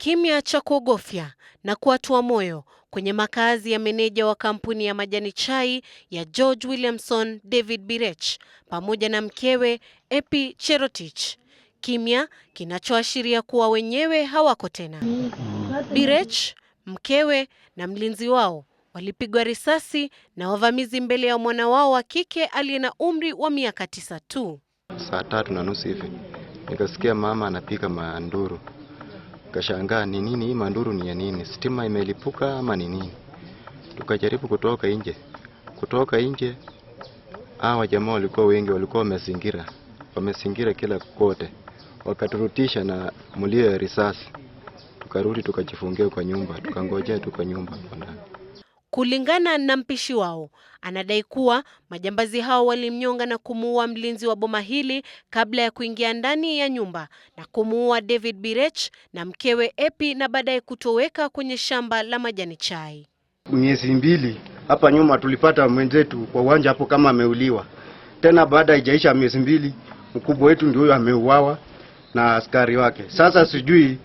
Kimya cha kuogofya na kuatua moyo kwenye makazi ya meneja wa kampuni ya majani chai ya George Williamson David Birech pamoja na mkewe Epi Cherotich, kimya kinachoashiria kuwa wenyewe hawako tena. Birech, mkewe na mlinzi wao walipigwa risasi na wavamizi mbele ya mwana wao wa kike aliye na umri wa miaka tisa tu. Saa tatu na nusu hivi nikasikia mama anapika manduru Kashangaa ni nini hii manduru ni ya nini? Stima imelipuka ama ni nini? Tukajaribu kutoka nje. Kutoka nje hawa jamaa walikuwa wengi, walikuwa wamezingira. Wamezingira kila kote. Wakaturutisha na mlio ya risasi. Tukarudi tukajifungia kwa nyumba, tukangojea tu kwa nyumba. Kulingana na mpishi wao, anadai kuwa majambazi hao walimnyonga na kumuua mlinzi wa boma hili kabla ya kuingia ndani ya nyumba na kumuua David Birech na mkewe Epi na baadaye kutoweka kwenye shamba la majani chai. Miezi mbili hapa nyuma tulipata mwenzetu kwa uwanja hapo kama ameuliwa. Tena baada haijaisha miezi mbili, mkubwa wetu ndio huyo ameuawa na askari wake. Sasa sijui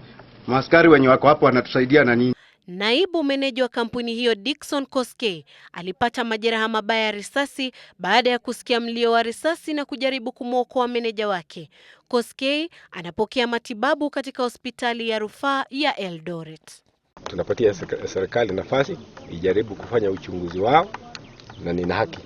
maaskari wenye wako hapo wanatusaidia na nini. Naibu meneja wa kampuni hiyo Dickson Koske alipata majeraha mabaya ya risasi baada ya kusikia mlio wa risasi na kujaribu kumwokoa meneja wake. Koske anapokea matibabu katika hospitali ya rufaa ya Eldoret. Tunapatia serikali nafasi ijaribu kufanya uchunguzi wao, na nina haki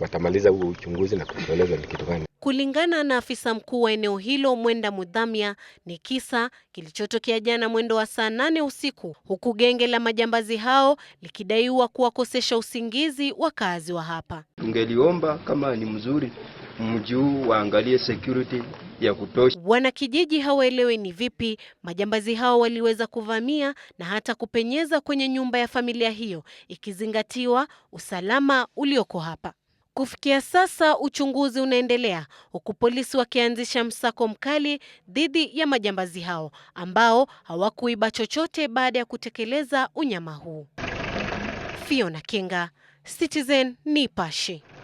watamaliza huo uchunguzi na kutueleza ni kitu gani. Kulingana na afisa mkuu wa eneo hilo Mwenda Mudhamia, ni kisa kilichotokea jana mwendo wa saa nane usiku, huku genge la majambazi hao likidaiwa kuwakosesha usingizi wakazi wa hapa. Tungeliomba kama ni mzuri mji huu waangalie security ya kutosha. Wanakijiji hawaelewi ni vipi majambazi hao waliweza kuvamia na hata kupenyeza kwenye nyumba ya familia hiyo, ikizingatiwa usalama ulioko hapa. Kufikia sasa uchunguzi unaendelea huku polisi wakianzisha msako mkali dhidi ya majambazi hao ambao hawakuiba chochote baada ya kutekeleza unyama huu. Fiona Kinga, Citizen Nipashe.